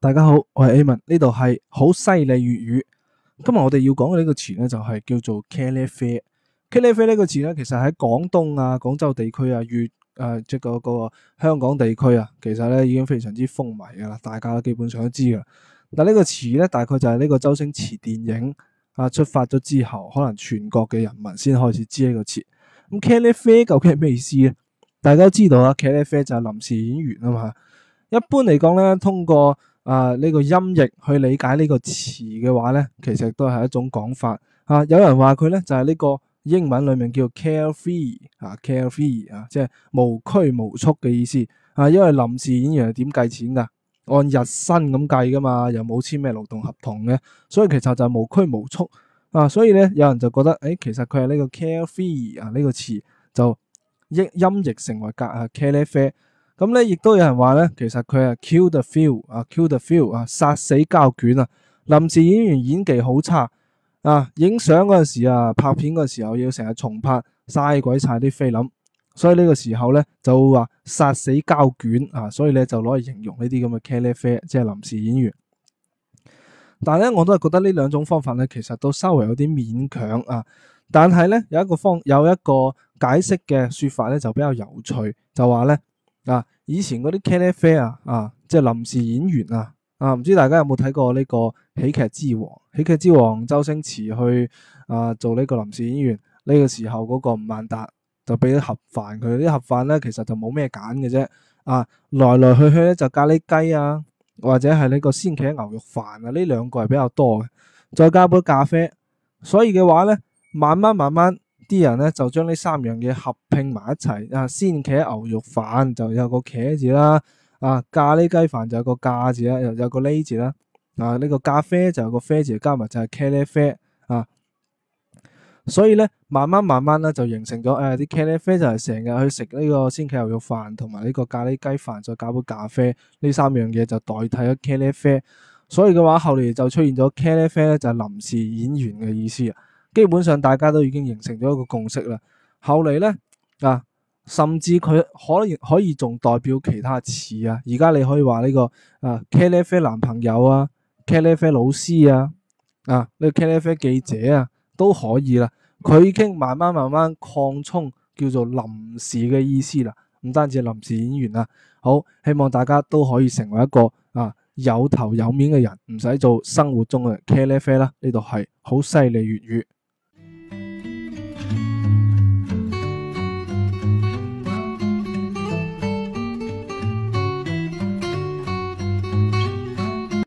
大家好，我係 Amin，呢度係好犀利粵語。今日我哋要講嘅呢個詞咧，就係、是、叫做茄喱啡。茄喱啡呢個詞咧，其實喺廣東啊、廣州地區啊、粵誒即個香港、這個這個這個、地區啊，其實咧已經非常之風靡噶啦，大家基本上都知噶啦。但個呢個詞咧，大概就係呢個周星馳電影啊出發咗之後，可能全國嘅人民先開始知呢個詞。咁茄喱啡究竟係咩意思咧？大家都知道啊，茄喱啡就係臨時演員啊嘛。一般嚟講咧，通過啊，呢、這個音譯去理解個詞呢個詞嘅話咧，其實都係一種講法嚇、啊。有人話佢咧就係、是、呢個英文裏面叫做 carefree 啊 carefree 啊，即係無拘無束嘅意思啊。因為臨時演員係點計錢㗎？按日薪咁計㗎嘛，又冇簽咩勞動合同嘅，所以其實就係無拘無束啊。所以咧，有人就覺得，誒、哎，其實佢係呢個 carefree 啊呢、這個詞就音音譯成為格啊 carefree 咁咧，亦都有人話咧，其實佢係 kill the film 啊 kill the film 啊，殺死膠卷啊。臨時演員演技好差啊，影相嗰陣時啊，拍片嗰時候要成日重拍，嘥鬼晒啲菲林，所以呢個時候咧就話殺死膠卷啊。所以咧就攞嚟形容呢啲咁嘅茄喱啡即係臨時演員。但係咧，我都係覺得呢兩種方法咧，其實都稍微有啲勉強啊。但係咧，有一個方有一個解釋嘅說法咧，就比較有趣，就話咧。啊！以前嗰啲茄喱啡啊，啊，即係臨時演員啊，啊，唔知大家有冇睇過呢個喜劇之王？喜劇之王周星馳去啊做呢個臨時演員，呢個時候嗰個吳孟達就俾咗盒飯，佢啲盒飯咧其實就冇咩揀嘅啫，啊，來來去去咧就咖喱雞啊，或者係呢個鮮茄牛肉飯啊，呢兩個係比較多嘅，再加杯咖啡，所以嘅話咧，慢慢慢慢。啲人咧就將呢三樣嘢合拼埋一齊啊，鮮茄牛肉飯就有個茄字啦，啊咖喱雞飯就有個咖字啦，又有個喱字啦，啊呢、這個咖啡就有個啡字，加埋就係茄喱啡啊。所以咧，慢慢慢慢咧就形成咗，誒、啊、啲茄喱啡就係成日去食呢個鮮茄牛肉飯同埋呢個咖喱雞飯，再加杯咖啡，呢三樣嘢就代替咗茄喱啡。所以嘅話，後嚟就出現咗茄喱啡咧，就係臨時演員嘅意思啊。基本上大家都已經形成咗一個共識啦。後嚟咧啊，甚至佢可以可以仲代表其他詞啊。而家你可以話呢個啊，茄喱啡男朋友啊，茄喱啡老師啊，啊呢個茄喱啡記者啊都可以啦。佢已經慢慢慢慢擴充叫做臨時嘅意思啦。唔單止臨時演員啊，好希望大家都可以成為一個啊有頭有面嘅人，唔使做生活中嘅茄喱啡啦。呢度係好犀利粵語。